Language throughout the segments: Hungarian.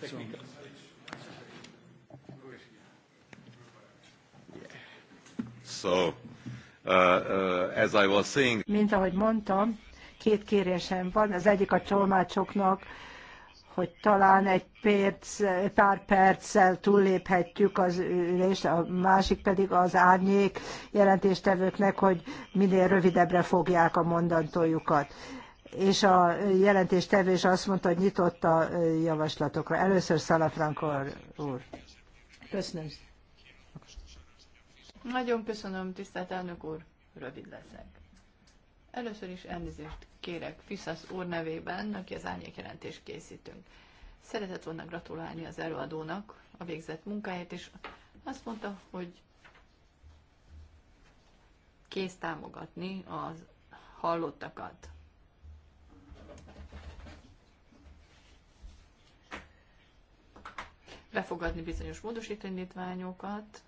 Technika. So, uh, uh, as I was saying... Mint ahogy mondtam, két kérésem van. Az egyik a tolmácsoknak, hogy talán egy perc, pár perccel túlléphetjük az ülést, a másik pedig az árnyék jelentéstevőknek, hogy minél rövidebbre fogják a mondandójukat és a jelentéstevő is azt mondta, hogy nyitott a javaslatokra. Először Szalafranko úr. Köszönöm. Nagyon köszönöm, tisztelt elnök úr. Rövid leszek. Először is elnézést kérek Fiszasz úr nevében, aki az árnyékjelentést készítünk. Szeretett volna gratulálni az előadónak a végzett munkáját, és azt mondta, hogy kész támogatni az hallottakat. befogadni bizonyos módosítványokat,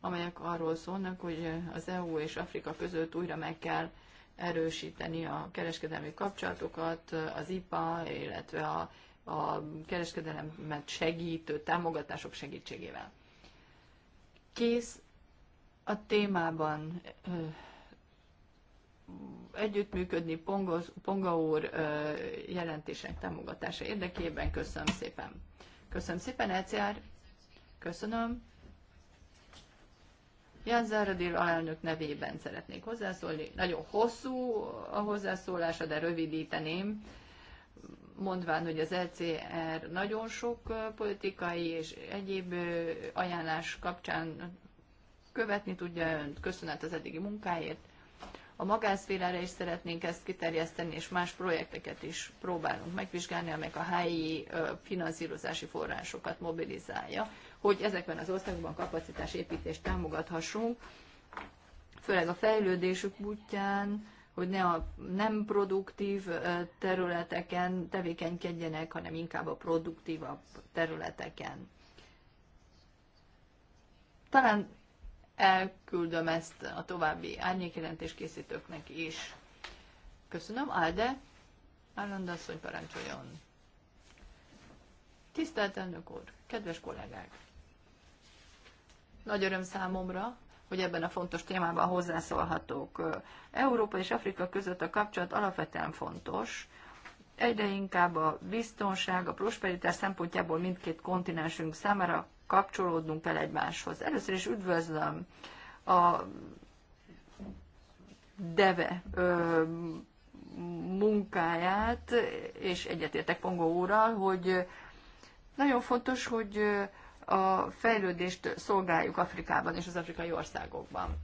amelyek arról szólnak, hogy az EU és Afrika között újra meg kell erősíteni a kereskedelmi kapcsolatokat, az IPA, illetve a, a kereskedelemet segítő támogatások segítségével. Kész a témában együttműködni Ponga, Ponga úr jelentések támogatása érdekében. Köszönöm szépen. Köszönöm szépen, Eciár. Köszönöm. Jan Záradil alelnök nevében szeretnék hozzászólni. Nagyon hosszú a hozzászólása, de rövidíteném, mondván, hogy az ECR nagyon sok politikai és egyéb ajánlás kapcsán követni tudja önt. Köszönet az eddigi munkáért a magánszférára is szeretnénk ezt kiterjeszteni, és más projekteket is próbálunk megvizsgálni, amelyek a helyi finanszírozási forrásokat mobilizálja, hogy ezekben az országokban kapacitásépítést támogathassunk, főleg a fejlődésük útján, hogy ne a nem produktív területeken tevékenykedjenek, hanem inkább a produktívabb területeken. Talán elküldöm ezt a további árnyékjelentés készítőknek is. Köszönöm, Alde. Állandó asszony parancsoljon. Tisztelt elnök úr, kedves kollégák! Nagy öröm számomra, hogy ebben a fontos témában hozzászólhatok. Európa és Afrika között a kapcsolat alapvetően fontos. Egyre inkább a biztonság, a prosperitás szempontjából mindkét kontinensünk számára kapcsolódnunk el egymáshoz. Először is üdvözlöm a deve ö, munkáját, és egyetértek Pongó úrral, hogy nagyon fontos, hogy a fejlődést szolgáljuk Afrikában és az afrikai országokban.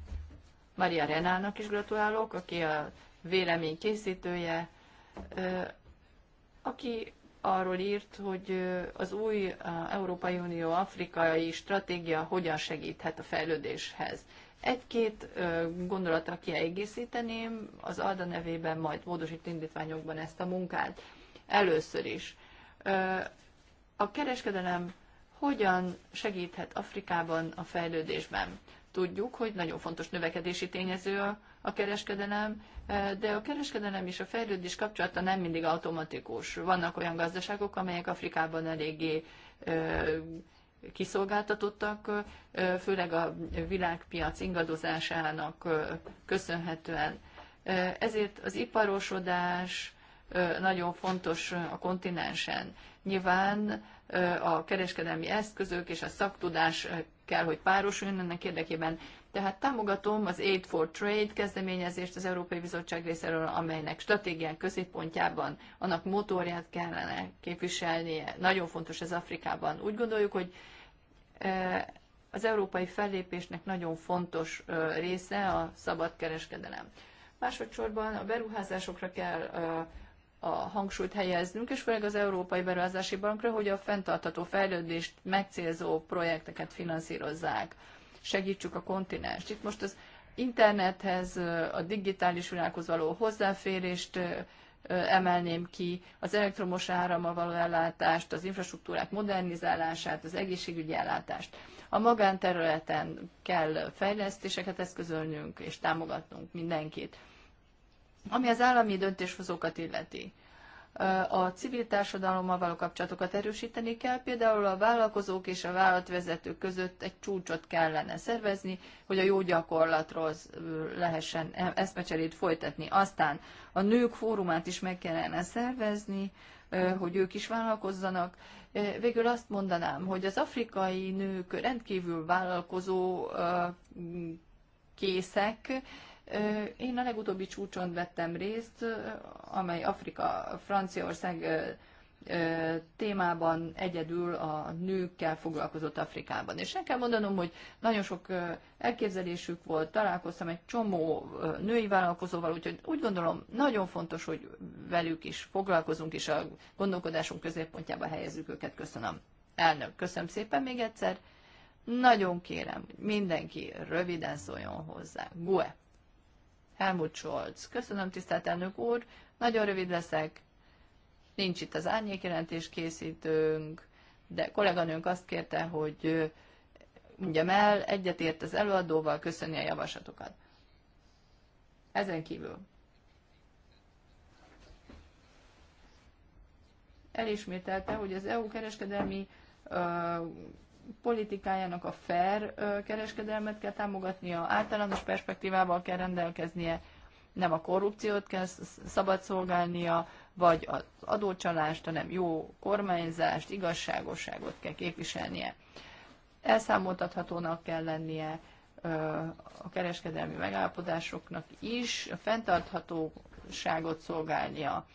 Maria Renának is gratulálok, aki a vélemény készítője, aki arról írt, hogy az új Európai Unió afrikai stratégia hogyan segíthet a fejlődéshez. Egy-két gondolatra kiegészíteném, az ALDA nevében majd módosít indítványokban ezt a munkát. Először is, a kereskedelem hogyan segíthet Afrikában a fejlődésben? tudjuk, hogy nagyon fontos növekedési tényező a, a kereskedelem, e, de a kereskedelem és a fejlődés kapcsolata nem mindig automatikus. Vannak olyan gazdaságok, amelyek Afrikában eléggé e, kiszolgáltatottak, e, főleg a világpiac ingadozásának köszönhetően. Ezért az iparosodás, nagyon fontos a kontinensen. Nyilván a kereskedelmi eszközök és a szaktudás kell, hogy párosuljon ennek érdekében. Tehát támogatom az Aid for Trade kezdeményezést az Európai Bizottság részéről, amelynek stratégián középpontjában annak motorját kellene képviselnie. Nagyon fontos ez Afrikában. Úgy gondoljuk, hogy az európai fellépésnek nagyon fontos része a szabad kereskedelem. Másodszorban a beruházásokra kell a hangsúlyt helyeznünk, és főleg az Európai Beruházási Bankra, hogy a fenntartható fejlődést megcélzó projekteket finanszírozzák, segítsük a kontinens. Itt most az internethez, a digitális világhoz való hozzáférést emelném ki, az elektromos árama való ellátást, az infrastruktúrák modernizálását, az egészségügyi ellátást. A magánterületen kell fejlesztéseket eszközölnünk és támogatnunk mindenkit. Ami az állami döntéshozókat illeti, a civil társadalommal való kapcsolatokat erősíteni kell, például a vállalkozók és a vállalatvezetők között egy csúcsot kellene szervezni, hogy a jó gyakorlatról lehessen e- eszmecserét folytatni. Aztán a nők fórumát is meg kellene szervezni, hogy ők is vállalkozzanak. Végül azt mondanám, hogy az afrikai nők rendkívül vállalkozó készek, én a legutóbbi csúcson vettem részt, amely Afrika, Franciaország témában egyedül a nőkkel foglalkozott Afrikában. És el kell mondanom, hogy nagyon sok elképzelésük volt, találkoztam egy csomó női vállalkozóval, úgyhogy úgy gondolom, nagyon fontos, hogy velük is foglalkozunk, és a gondolkodásunk középpontjába helyezzük őket. Köszönöm. Elnök, köszönöm szépen még egyszer. Nagyon kérem, hogy mindenki röviden szóljon hozzá. Gue. Helmut Scholz. Köszönöm, tisztelt elnök úr, nagyon rövid leszek. Nincs itt az árnyékjelentés készítőnk, de kolléganőnk azt kérte, hogy mondjam el, egyetért az előadóval, köszönni a javaslatokat. Ezen kívül. Elismételte, hogy az EU kereskedelmi politikájának a fair kereskedelmet kell támogatnia, általános perspektívával kell rendelkeznie, nem a korrupciót kell szabad szolgálnia, vagy az adócsalást, hanem jó kormányzást, igazságosságot kell képviselnie. Elszámoltathatónak kell lennie a kereskedelmi megállapodásoknak is, a fenntarthatóságot szolgálnia.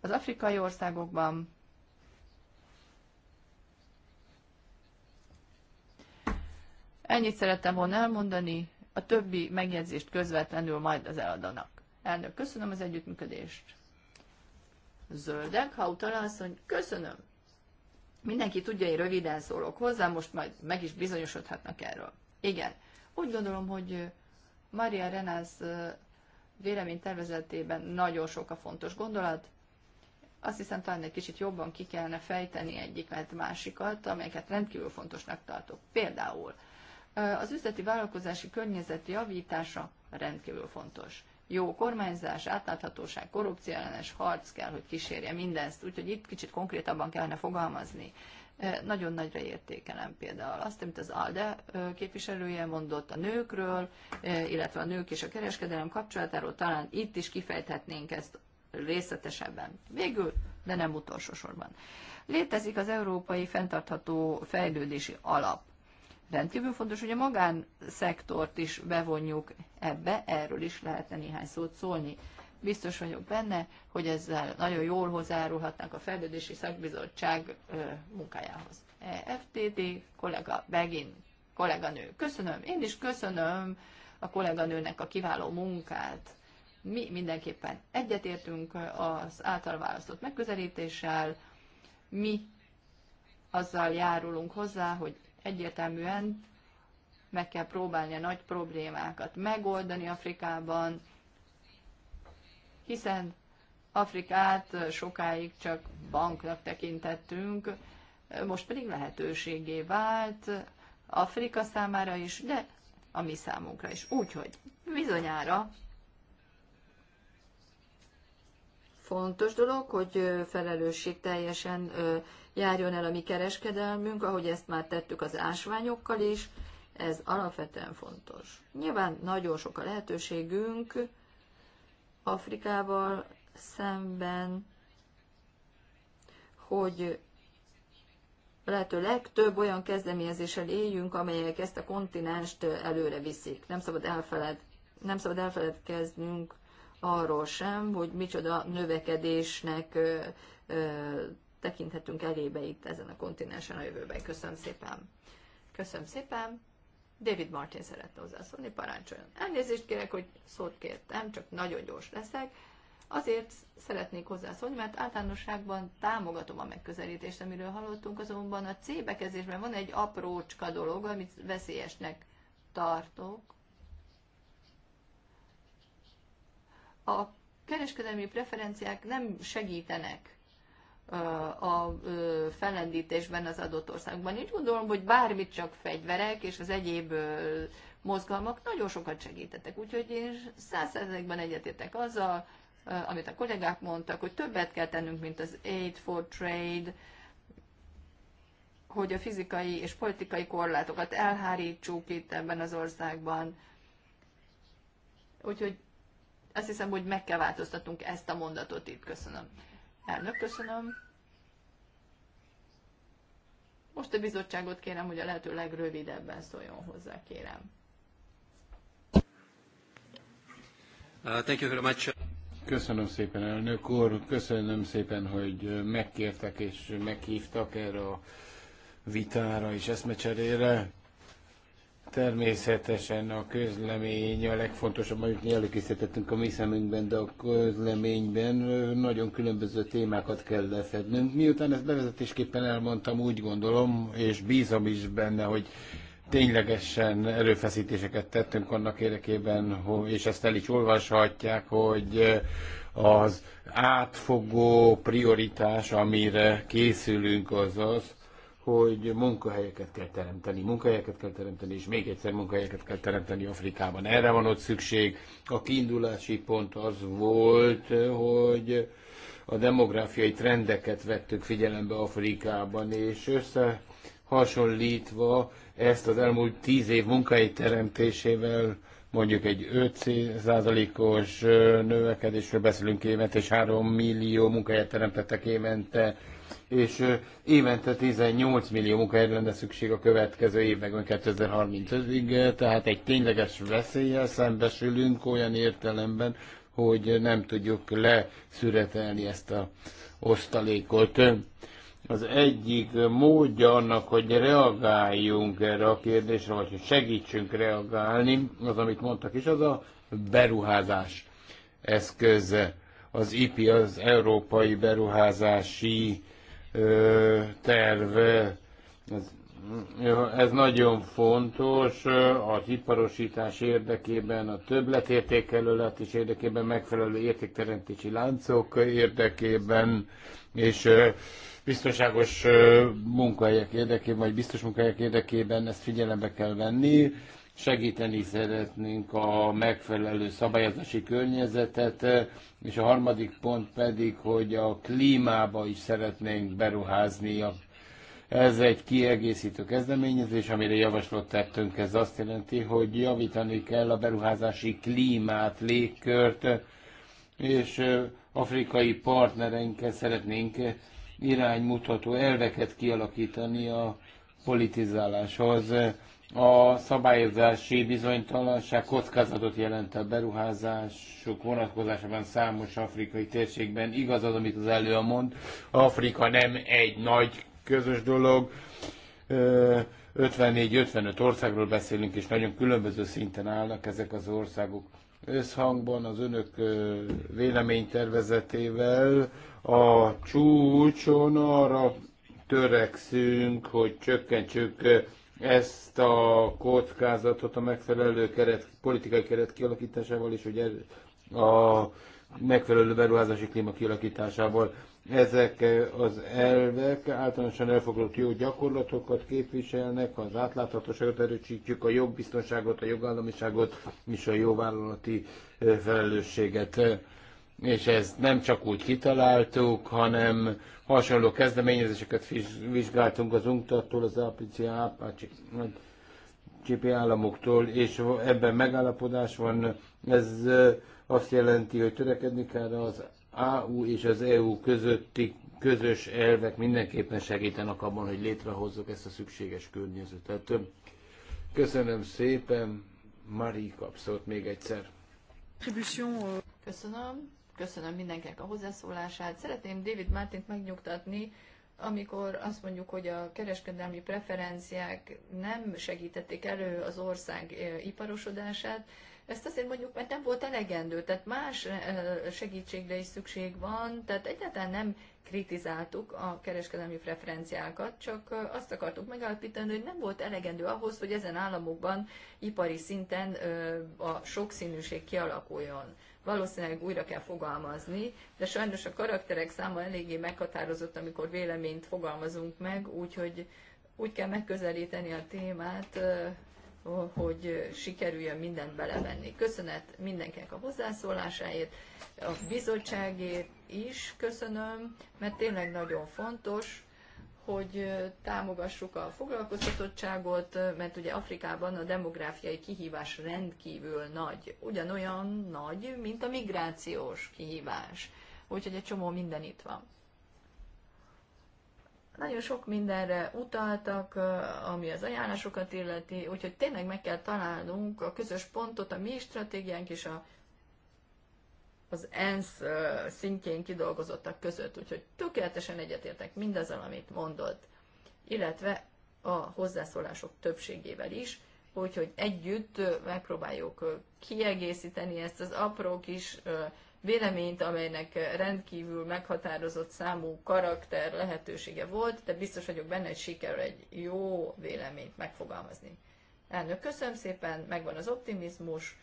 Az afrikai országokban Ennyit szerettem volna elmondani, a többi megjegyzést közvetlenül majd az eladanak. Elnök, köszönöm az együttműködést. Zöldek, ha utalasszony, köszönöm. Mindenki tudja, én röviden szólok hozzá, most majd meg is bizonyosodhatnak erről. Igen, úgy gondolom, hogy Maria Renász véleménytervezetében nagyon sok a fontos gondolat. Azt hiszem, talán egy kicsit jobban ki kellene fejteni egyik, mert másikat, amelyeket rendkívül fontosnak tartok. Például az üzleti vállalkozási környezet javítása rendkívül fontos. Jó kormányzás, átláthatóság, korrupció ellenes harc kell, hogy kísérje mindezt, úgyhogy itt kicsit konkrétabban kellene fogalmazni. E, nagyon nagyra értékelem például azt, amit az ALDE e, képviselője mondott a nőkről, e, illetve a nők és a kereskedelem kapcsolatáról, talán itt is kifejthetnénk ezt részletesebben. Végül, de nem utolsó sorban. Létezik az Európai Fentartható Fejlődési Alap rendkívül fontos, hogy a magánszektort is bevonjuk ebbe, erről is lehetne néhány szót szólni. Biztos vagyok benne, hogy ezzel nagyon jól hozzájárulhatnak a Fejlődési Szakbizottság munkájához. E FTT, kollega Begin, kolléganő. Köszönöm, én is köszönöm a kolléganőnek a kiváló munkát. Mi mindenképpen egyetértünk az által választott megközelítéssel, mi azzal járulunk hozzá, hogy egyértelműen meg kell próbálni a nagy problémákat megoldani Afrikában, hiszen Afrikát sokáig csak banknak tekintettünk, most pedig lehetőségé vált Afrika számára is, de a mi számunkra is. Úgyhogy bizonyára fontos dolog, hogy teljesen járjon el a mi kereskedelmünk, ahogy ezt már tettük az ásványokkal is, ez alapvetően fontos. Nyilván nagyon sok a lehetőségünk Afrikával szemben, hogy lehető legtöbb olyan kezdeményezéssel éljünk, amelyek ezt a kontinenst előre viszik. Nem szabad, elfeled, nem szabad elfeledkeznünk arról sem, hogy micsoda növekedésnek tekinthetünk elébe itt ezen a kontinensen a jövőben. Köszönöm szépen. Köszönöm szépen. David Martin szeretne hozzászólni, parancsoljon. Elnézést kérek, hogy szót kértem, csak nagyon gyors leszek. Azért szeretnék hozzászólni, mert általánosságban támogatom a megközelítést, amiről hallottunk, azonban a C bekezdésben van egy aprócska dolog, amit veszélyesnek tartok, A kereskedelmi preferenciák nem segítenek a fellendítésben az adott országban. Így gondolom, hogy bármit csak fegyverek és az egyéb mozgalmak nagyon sokat segítettek. Úgyhogy én százszerzegben egyetértek azzal, amit a kollégák mondtak, hogy többet kell tennünk, mint az Aid for Trade, hogy a fizikai és politikai korlátokat elhárítsuk itt ebben az országban. Úgyhogy azt hiszem, hogy meg kell változtatnunk ezt a mondatot itt. Köszönöm. Elnök, köszönöm. Most a bizottságot kérem, hogy a lehető legrövidebben szóljon hozzá, kérem. Uh, thank you very much. Köszönöm szépen, elnök úr. Köszönöm szépen, hogy megkértek és meghívtak erre a vitára és eszmecserére. Természetesen a közlemény a legfontosabb, amit mi előkészítettünk a mi szemünkben, de a közleményben nagyon különböző témákat kell lefednünk. Miután ezt bevezetésképpen elmondtam, úgy gondolom, és bízom is benne, hogy ténylegesen erőfeszítéseket tettünk annak érdekében, és ezt el is olvashatják, hogy az átfogó prioritás, amire készülünk, az az, hogy munkahelyeket kell teremteni, munkahelyeket kell teremteni, és még egyszer munkahelyeket kell teremteni Afrikában. Erre van ott szükség. A kiindulási pont az volt, hogy a demográfiai trendeket vettük figyelembe Afrikában, és összehasonlítva ezt az elmúlt tíz év munkai teremtésével mondjuk egy 5%-os növekedésről beszélünk évente, és 3 millió munkahelyet teremtettek évente, és évente 18 millió munkahelyre lenne szükség a következő években 2035-ig, tehát egy tényleges veszéllyel szembesülünk olyan értelemben, hogy nem tudjuk leszüretelni ezt a osztalékot az egyik módja annak, hogy reagáljunk erre a kérdésre, vagy hogy segítsünk reagálni, az, amit mondtak is, az a beruházás eszköze. Az IPI, az Európai Beruházási ö, Terv, ez, ez nagyon fontos az iparosítás érdekében, a is érdekében, megfelelő értékteremtési láncok érdekében, és ö, biztonságos munkahelyek érdekében, vagy biztos munkahelyek érdekében ezt figyelembe kell venni. Segíteni szeretnénk a megfelelő szabályozási környezetet, és a harmadik pont pedig, hogy a klímába is szeretnénk beruházni ez egy kiegészítő kezdeményezés, amire javaslott tettünk. Ez azt jelenti, hogy javítani kell a beruházási klímát, légkört, és afrikai partnereinkkel szeretnénk iránymutató elveket kialakítani a politizáláshoz. A szabályozási bizonytalanság kockázatot jelent a beruházások vonatkozásában számos afrikai térségben. Igaz az, amit az előa mond, Afrika nem egy nagy közös dolog. 54-55 országról beszélünk, és nagyon különböző szinten állnak ezek az országok összhangban az önök véleménytervezetével a csúcson arra törekszünk, hogy csökkentsük ezt a kockázatot a megfelelő keret, politikai keret kialakításával, és hogy a megfelelő beruházási klíma kialakításával ezek az elvek általánosan elfogadott jó gyakorlatokat képviselnek, az átláthatóságot erősítjük, a jogbiztonságot, a jogállamiságot és a jóvállalati felelősséget. És ezt nem csak úgy kitaláltuk, hanem hasonló kezdeményezéseket vizsgáltunk az UNCTAD-tól, az APCA, APACI, csipi államoktól, és ebben megállapodás van. Ez azt jelenti, hogy törekedni kell az AU és az EU közötti közös elvek mindenképpen segítenek abban, hogy létrehozzuk ezt a szükséges környezetet. Köszönöm szépen, Mari kapszott még egyszer. Uh, köszönöm, köszönöm mindenkinek a hozzászólását. Szeretném David Martint megnyugtatni, amikor azt mondjuk, hogy a kereskedelmi preferenciák nem segítették elő az ország eh, iparosodását, ezt azért mondjuk, mert nem volt elegendő, tehát más segítségre is szükség van, tehát egyáltalán nem kritizáltuk a kereskedelmi preferenciákat, csak azt akartuk megállapítani, hogy nem volt elegendő ahhoz, hogy ezen államokban ipari szinten a sokszínűség kialakuljon. Valószínűleg újra kell fogalmazni, de sajnos a karakterek száma eléggé meghatározott, amikor véleményt fogalmazunk meg, úgyhogy úgy kell megközelíteni a témát, hogy sikerüljön mindent belevenni. Köszönet mindenkinek a hozzászólásáért, a bizottságért is köszönöm, mert tényleg nagyon fontos, hogy támogassuk a foglalkoztatottságot, mert ugye Afrikában a demográfiai kihívás rendkívül nagy, ugyanolyan nagy, mint a migrációs kihívás. Úgyhogy egy csomó minden itt van. Nagyon sok mindenre utaltak, ami az ajánlásokat illeti, úgyhogy tényleg meg kell találnunk a közös pontot, a mi stratégiánk és a, az ENSZ szintjén kidolgozottak között, úgyhogy tökéletesen egyetértek mindazzal, amit mondott, illetve a hozzászólások többségével is, úgyhogy együtt megpróbáljuk kiegészíteni ezt az apró kis véleményt, amelynek rendkívül meghatározott számú karakter lehetősége volt, de biztos vagyok benne, hogy sikerül egy jó véleményt megfogalmazni. Elnök, köszönöm szépen, megvan az optimizmus.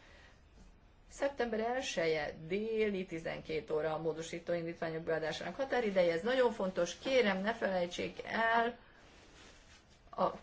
Szeptember 1 -e, déli 12 óra a módosító indítványok beadásának határideje. Ez nagyon fontos, kérem ne felejtsék el a